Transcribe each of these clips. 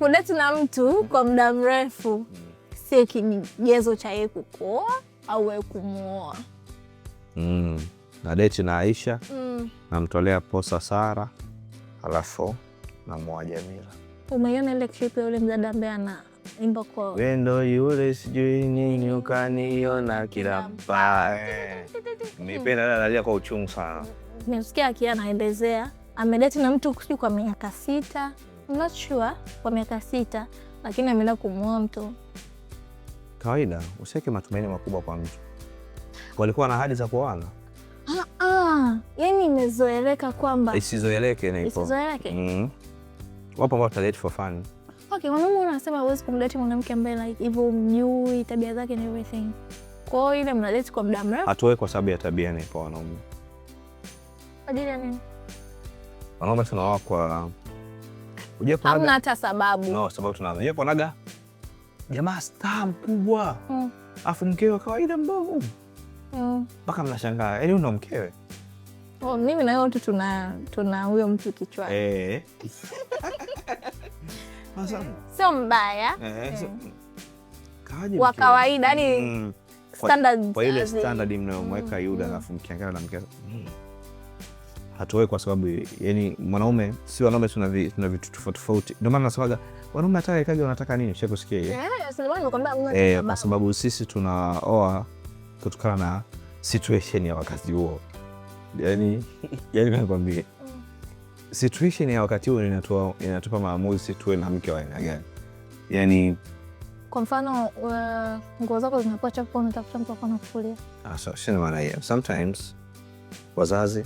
kudeti na mtu kwa muda mrefu sio kigezo cha yeye kukuoa au wewe kumuoa. Mm. Nadeti na Aisha mm. namtolea posa Sara, alafu namuoa Jamila. Umeiona ile clip ya ule mdada ambaye anaimba kwa wendo yule sijui nini, ukaniona kila pale. Nipenda nalalia kwa uchungu sana, nimsikia akia anaelezea amedeti na mtu kwa miaka sita I'm not sure kwa miaka sita, lakini ameenda kumuoa mtu. Kawaida usiweke matumaini makubwa kwa mtu. Walikuwa na ahadi za kuoana? Ah, ah Yani imezoeleka kwamba isizoeleke na ipo. Isizoeleke. Mm. Wapo ambao tuta for fun. Okay, wanaume unasema huwezi kumdate mwanamke ambaye like hivyo mjui tabia zake na everything. Kwa hiyo ile mna kwa muda mrefu. Hatuwe kwa sababu ya tabia na ipo wanaume. Kwa Ajili ya nini? Wanaume tunaoa kwa hamna hata sababu. No, sababu tunazo. Unajua ponaga jamaa star mkubwa mm. afu mkewe kawaida mbovu mm. mpaka mm. mnashangaa, yaani una mkewe Oh, mimi na yote tuna tuna huyo mtu kichwani eh. eh sio mbaya eh, eh. wa kawaida yani mm. standard kwa ile eh, standard mnayomweka mm, Yuda, mm. alafu mkiangalia na mke hatuoe kwa sababu yani, mwanaume si wanaume, tuna vitu tofauti tofauti. Ndio maana nasemaga wanaume hata ikaje wanataka nini, hiyo eh, eh, eh kwa sababu sisi tunaoa kutokana na situation ya wakati huo. Yani, yani nakwambia mm. situation ya wakati huo inatupa maamuzi tuwe na mke wa aina gani. Yani kwa mfano nguo zako zinakuwa chafu, unatafuta mtu wa kufulia. Ah, so, maana hiyo. Sometimes wazazi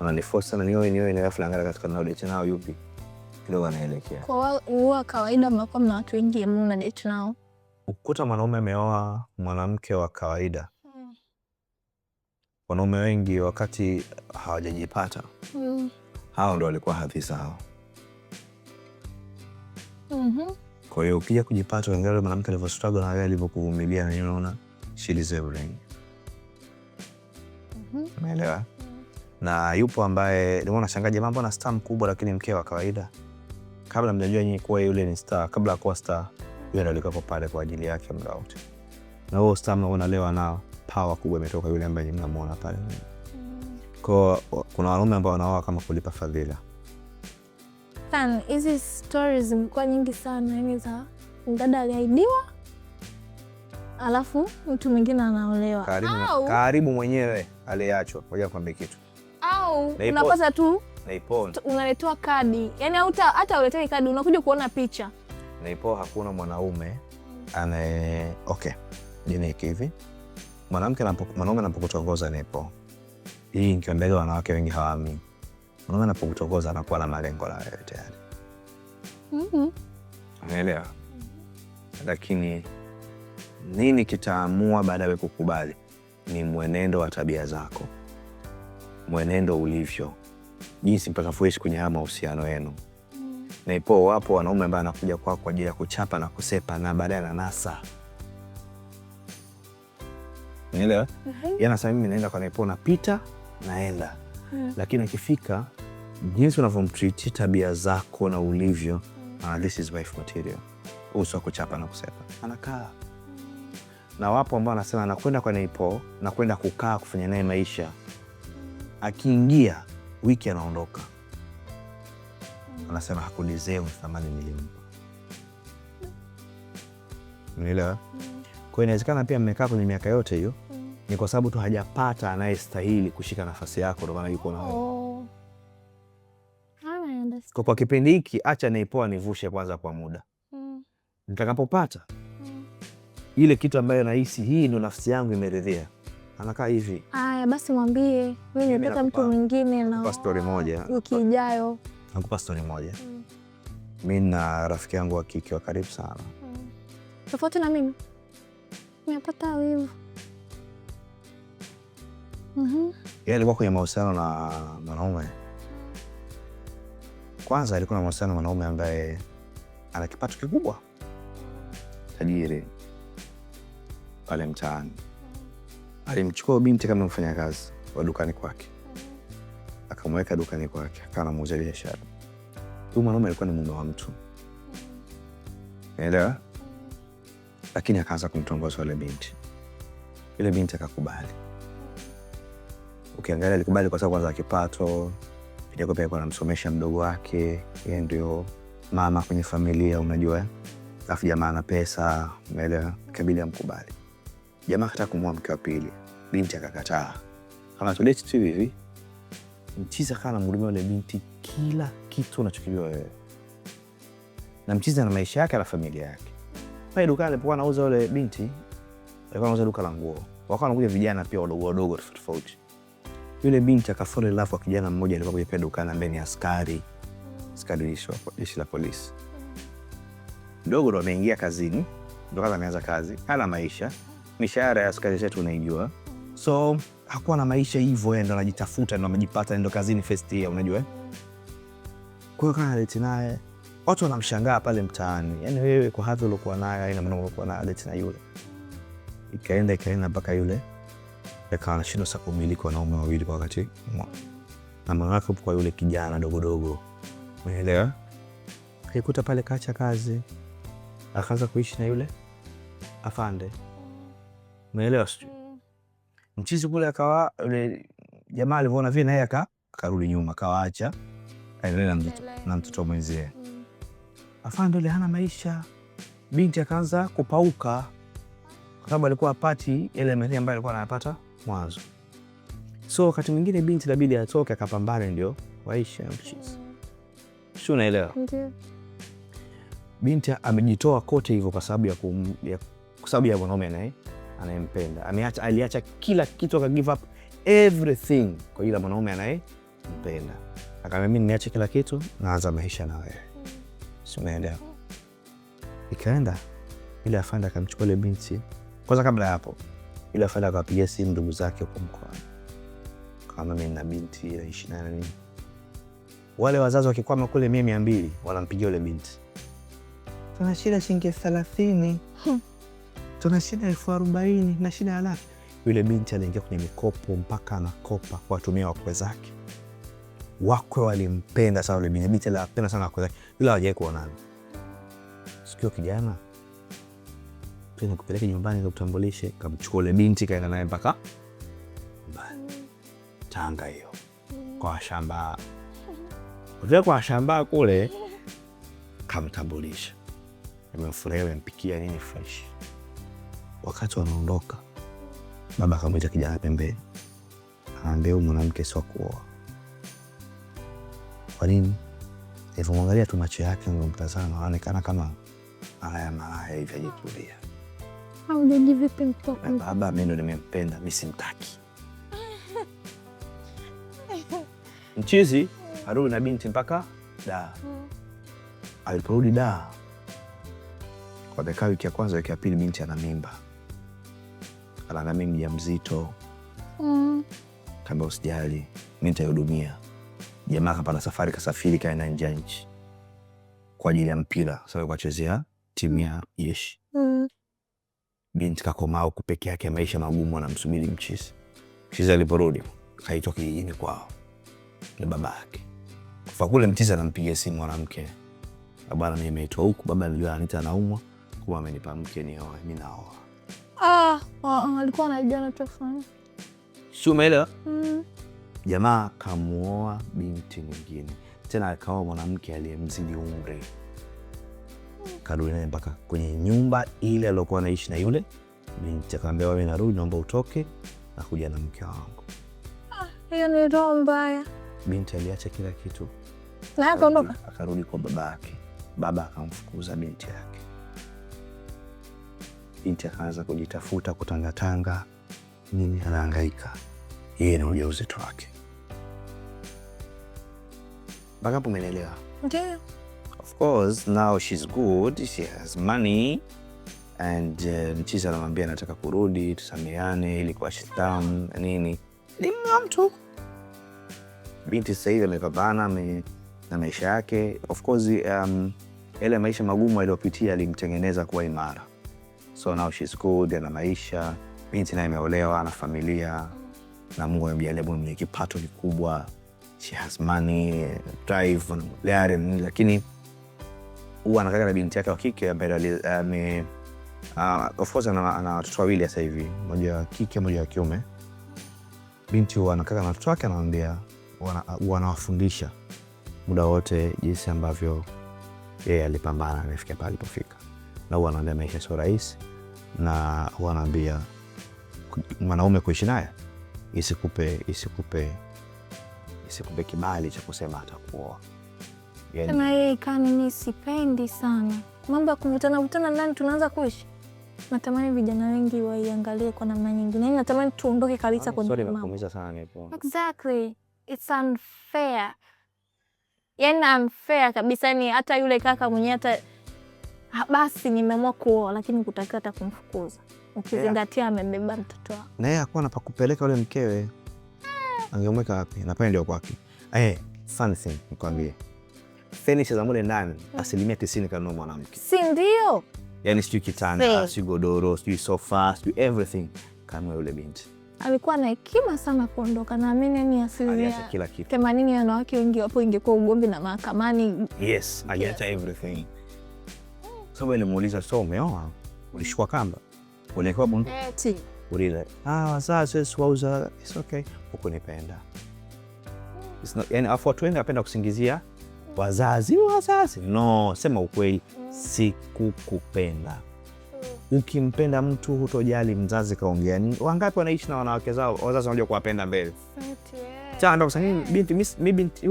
wananifosa na niwe niwe na ghafla ngara katika nao date nao yupi kidogo anaelekea. Kwa huwa kawaida mnakuwa mna watu wengi mna deti nao. Ukuta mwanaume ameoa mwanamke wa kawaida. Hmm. Wanaume wengi wakati hawajajipata. Hmm. Hao ndo walikuwa hadhisa hao. Mhm. Mm kwa hiyo ukija kujipata angalia mwanamke alivyo struggle na wewe alivyokuvumilia na unaona she is everything. Mhm. Mm. Umeelewa? na yupo ambaye ndio unashangaa mambo na star mkubwa lakini mke wa kawaida. Kabla mjajua nyinyi kuwa yule ni star, kabla akuwa star, yule ndio alikuwa pale kwa ajili yake muda wote, na huo star mnaona leo ana power kubwa imetoka yule ambaye mnamuona pale. Kwa kuna wanaume ambao wanaoa kama kulipa fadhila. Hizi stories zimekuwa nyingi sana, yani za mdada aliaidiwa alafu mtu mwingine anaolewa, karibu mwenyewe aliyeachwa. Ngoja nikwambie kitu au unapata tu unaletewa kadi, yani, hata uletei kadi, unakuja kuona picha naipo. Hakuna mwanaume anaye okay, jiniki hivi mwanamke mwanaume anapokutongoza nipo hii nikiambiaga, wanawake wengi hawaamini. Mwanaume anapokutongoza anakuwa na malengo la wewe tayari, -hmm. Lakini nini kitaamua baada ya kukubali ni mwenendo wa tabia zako mwenendo ulivyo, jinsi mpaka fuishi kwenye haya mahusiano yenu mm. na ipo wapo wanaume ambao anakuja kwako kwa ajili ya kuchapa na kusepa na baadaye na nasa naelewa mm -hmm. Yana yaani sasa mimi naenda kwa Naipo, napita naenda mm. Lakini akifika jinsi unavyomtriti tabia zako na ulivyo mm. uh, this is wife material, uso wa kuchapa na kusepa anakaa mm. Na wapo ambao anasema nakwenda kwa Naipo, nakwenda kukaa kufanya naye maisha akiingia wiki anaondoka, anasema hakunizee thamani nilimpa. Unaelewa? Kwa inawezekana pia mmekaa kwenye miaka yote hiyo ni kwa sababu tu hajapata anayestahili kushika nafasi yako, ndio maana yuko na wewe. Oh. Kwa kwa kipindi hiki, acha naipoa nivushe kwanza kwa muda, mm. nitakapopata mm. ile kitu ambayo nahisi hii ndo nafsi yangu imeridhia anakaa hivi. Aya, basi mwambie mimi nimepata mtu mwingine na story moja. Wiki ijayo nakupa story moja. Mm. na rafiki yangu wa kike wa karibu sana. Mm. Tofauti na mimi nimepata wivu. Mhm. Yeye alikuwa kwenye mahusiano na mwanaume. Kwanza alikuwa na mahusiano na mwanaume ambaye ana kipato kikubwa, tajiri pale mtaani alimchukua binti kama mfanyakazi wa dukani kwake, akamweka dukani kwake, akawa anamuuza biashara. Huyu mwanaume alikuwa ni mume wa mtu, elewa, lakini akaanza kumtongoza yule binti. Yule binti akakubali. Ukiangalia alikubali kwa sababu kwanza kipato kidogo, pia anamsomesha mdogo wake, yeye ndio mama kwenye familia, unajua, alafu jamaa ana pesa, umeelewa, kabili amkubali Jamaa akataka kumwoa mke wa pili, binti akakataa, anatuleti tu hivi hivi. Mchizi akawa anamhudumia yule binti kila kitu unachokijua wewe, na mchizi ana maisha yake na familia yake. Pale dukani alipokuwa anauza yule binti, alikuwa anauza duka la nguo, wakawa wanakuja vijana pia wadogo wadogo tofauti tofauti. Yule binti akafall in love kwa kijana mmoja alikuwa kuja pia dukani, ambaye ni askari askari jeshi la polisi. Mdogo ndo ameingia kazini, ndo kaza ameanza kazi, ana maisha mishahara ya askari zetu unaijua, so hakuwa na maisha hivyo, yeye ndo anajitafuta ndo amejipata ndo kazini first year, unajua. Kwa hiyo kana leti naye watu wanamshangaa pale mtaani, yani wewe kwa hadhi uliokuwa nayo haina maana uliokuwa na leti na yule. Ikaenda ikaenda mpaka yule akawa anashindwa sasa kumiliki wanaume wawili kwa wakati na mwanawake kwa yule kijana dogodogo, umeelewa? Akikuta pale kacha kazi, akaanza kuishi na yule afande. Umeelewa sijui? Mm. Mchizi kule akawa yule jamaa alivyoona vile naye akarudi nyuma akawaacha aendelee na mtoto mwenzie. Mm. Afande yule hana maisha. Binti akaanza kupauka kwa sababu alikuwa apati ile mali ambayo alikuwa anapata mwanzo. So wakati mwingine binti labidi atoke akapambane ndio waisha mchizi. Mm. Sio, unaelewa? Binti amejitoa kote hivyo kwa sababu ya kwa sababu ya mwanaume naye anayempenda. Ameacha, aliacha kila kitu aka give up everything kwa ajili ya mwanaume anayempenda. Akaambia mimi niache kila kitu, naanza maisha na wewe. Simeelewa. Ikaenda ile afanda, akamchukua ile binti. Kwanza kabla ya hapo, ile afanda akapigia simu ndugu zake huko mkoani, kama mimi na binti ile ishirini na nini. wale wazazi wakikwama kule mia mia mbili wanampigia ule binti, tuna shida shilingi elfu thelathini hmm tuna shida elfu arobaini na shida ya laki. Yule binti aliingia kwenye mikopo mpaka anakopa kuwatumia wakwe zake. Wakwe walimpenda sana yule binti, binti aliwapenda sana wakwe zake, yule hawajawahi kuonana. Sikio kijana kupeleke nyumbani kakutambulishe, kamchukua ule binti, kaenda naye mpaka Tanga hiyo kwa washambaa kutoka kwa washambaa kule, kamtambulisha, amemfurahia, amempikia nini fresh Wakati wanaondoka, baba akamwita kijana pembeni, anaambia huyu mwanamke sio kuoa. Kwa nini? Alivyomwangalia tu macho yake, mtazama anaonekana kama malaya malaya hivi, ajitulia. Baba, mi ndo nimempenda, mi simtaki mchizi. Arudi na binti mpaka da. Aliporudi da, dakika wiki ya kwanza, wiki ya pili, binti ana mimba ana nami mzito mm. Kaambia usijali, mi nitaihudumia. Jamaa kapanda safari, kasafiri, kaenda nje ya nchi kwa ajili ya mpira, sawa, kuwachezea timu ya jeshi mm. Binti kakomaa huku peke yake, maisha magumu, anamsubiri mchizi. Mchizi aliporudi kaitwa kijijini kwao na baba yake kufa kule. Mchizi anampiga simu mwanamke, bwana, mimi nimeitwa huku, baba nilijua anita, anaumwa kuwa amenipa mke nioe, mi naoa alikuwa anajua nachofanya. Si umeelewa? Mm. Jamaa kamuoa binti mwingine tena, akawa mwanamke aliyemzidi umri, karudi naye mpaka kwenye nyumba ile aliokuwa anaishi na yule binti. Akaambia, wewe narudi, naomba utoke na kuja na mke wangu. Ah, hiyo ni roho mbaya. Binti aliacha kila kitu, naye akaondoka, akarudi kwa baba yake. Baba akamfukuza binti yake binti akaanza kujitafuta, kutangatanga, nini, anahangaika yeye na ujauzito wake. Mpaka hapo umeelewa? Ndio. Of course now she's good, she has money and uh, Mchizi uh, anamwambia anataka kurudi, tusameane, kwa shitam nini, ni mtu binti sasa hivi amepambana me, na maisha yake. Of course um, yale maisha magumu aliyopitia alimtengeneza kuwa imara. So now she's good, ana maisha, binti naye imeolewa, na familia na Mungu amemjalia mwenye kipato kikubwa, she has money, drive na gari, lakini huwa anakaa na binti yake wa kike ambaye ame ah, of course ana watoto wawili sasa hivi, mmoja wa kike, mmoja wa kiume. Binti huwa anakaa na watoto wake, anawaambia, wanawafundisha muda wote jinsi ambavyo yeye alipambana amefika pale alipofika, na huwa anaambia maisha sio rahisi na wanaambia mwanaume kuishi naye isikupe isikupe isikupe kibali cha kusema atakuoa. Sema yeye kani, mimi sipendi sana mambo ya kuvutana vutana ndani, tunaanza kuishi. Natamani vijana wengi waiangalie kwa namna nyingine, yani natamani tuondoke kabisa yaani, kwenye mambo. Exactly, it's unfair, Yani unfair kabisa, ni yaani hata yule kaka mwenyewe hata basi nimeamua kuoa, lakini kutakiwa hata kumfukuza ukizingatia amebeba mtoto wako na yeye hakuwa napakupeleka yule mkewe angemweka wapi? Napenda ndio kwake. Eh, something nikwambie. Furniture za mule ndani hmm. asilimia tisini kanunua mwanamke. Si ndio? Yaani sijui kitanda, sijui godoro, sijui sofa, sijui everything kama yule binti. Alikuwa na hekima sana kuondoka naamini ni asilimia themanini wanawake wengi wapo ingekuwa ugomvi na mahakamani. Yes, aliacha everything sababu nilimuuliza, so umeoa? Oh, ulishikwa kamba? Uliwekewa bunduki? Eti. Eh, Ulile. Ah, wazazi wauza, it's okay. Hukunipenda. yani afu watu wengi wanapenda kusingizia wazazi, wazazi. No, sema ukweli, sikukupenda. Mm. Ukimpenda mtu hutojali mzazi kaongea nini. Wangapi wanaishi na wanawake zao, wazazi wanajua kuwapenda mbele. Binti binti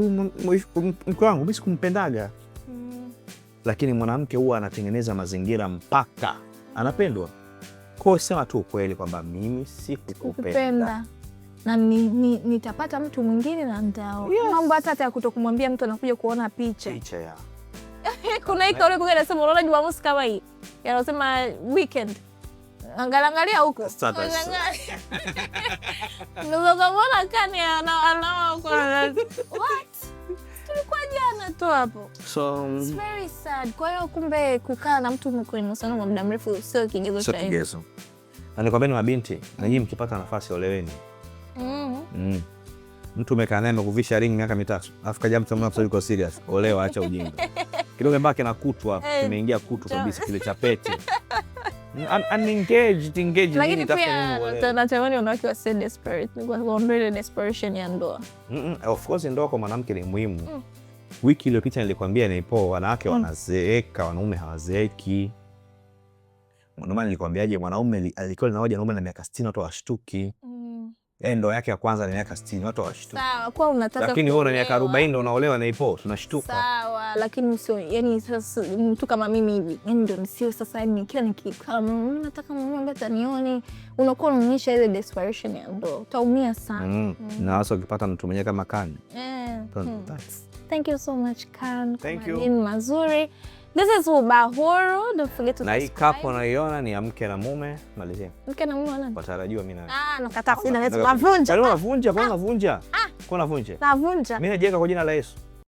wangu mi sikumpendaga lakini mwanamke huwa anatengeneza mazingira mpaka anapendwa. Kwa sema tu ukweli kwamba mimi sikukupenda na nitapata ni, ni mtu mwingine na ndao yes. Mambo hata ya kuto kumwambia mtu anakuja kuona picha, picha ya. kuna hii kauli kuga nasema, unaona Jumamosi kama hii yanasema weekend angalangalia huko ukaona kani to hapo. So um, it's very sad. Kwa hiyo kumbe kukaa na mtu mko mahusiano kwa muda mrefu sio kigezo cha kigezo. Na nikwambeni mabinti, na nyinyi mkipata nafasi oleweni. Mm. Mm. Mtu umekaa naye amekuvisha ring miaka mitatu. Afika kaja mtu mmoja yuko serious. Olewa, acha ujinga. Kidole mbaki na kutu kutwa, eh, kimeingia kutu kabisa kile cha pete. engaged. Lakini pia natamani wanawake wa desperate, sababu ndio desperation ya ndoa. Of course ndoa kwa mwanamke ni muhimu. Mm. Wiki iliyopita nilikwambia nipo wanawake mm. wanazeeka, wanaume hawazeeki. mwanaume nilikwambiaje, mwanaume alikuwa linaoja naume na miaka 60 watu washtuki. Mm. Yaani ndoa yake ya kwanza ni miaka 60, watu washtuka. Sawa, kwa unataka. Lakini wewe una miaka 40 ndio unaolewa na ipo, tunashtuka. Sawa, lakini sio, yani sasa mtu kama mimi hivi, yani ndio sio sasa yani kila nikikaa mimi nataka mume ambaye atanione, unakuwa unaonyesha ile desperation ya ndoa. Utaumia sana. Mm. Mm. Na hasa ukipata mtu mwenye kama Kani. Eh. Mm. Yeah. Thank you so much Kani. Kwa maneno mazuri. This is Ubahuru. Don't forget to subscribe. Na hii kapo unaiona ni ya mke na mume. Malizia. Mke na mume nani? Watarajua mimi na wewe. Ah, nakataa. Sina naweza kuvunja. Karibu navunja, kwa navunja. Ah, kwa navunja. Ah. Navunja. Mimi najiweka kwa jina la Yesu.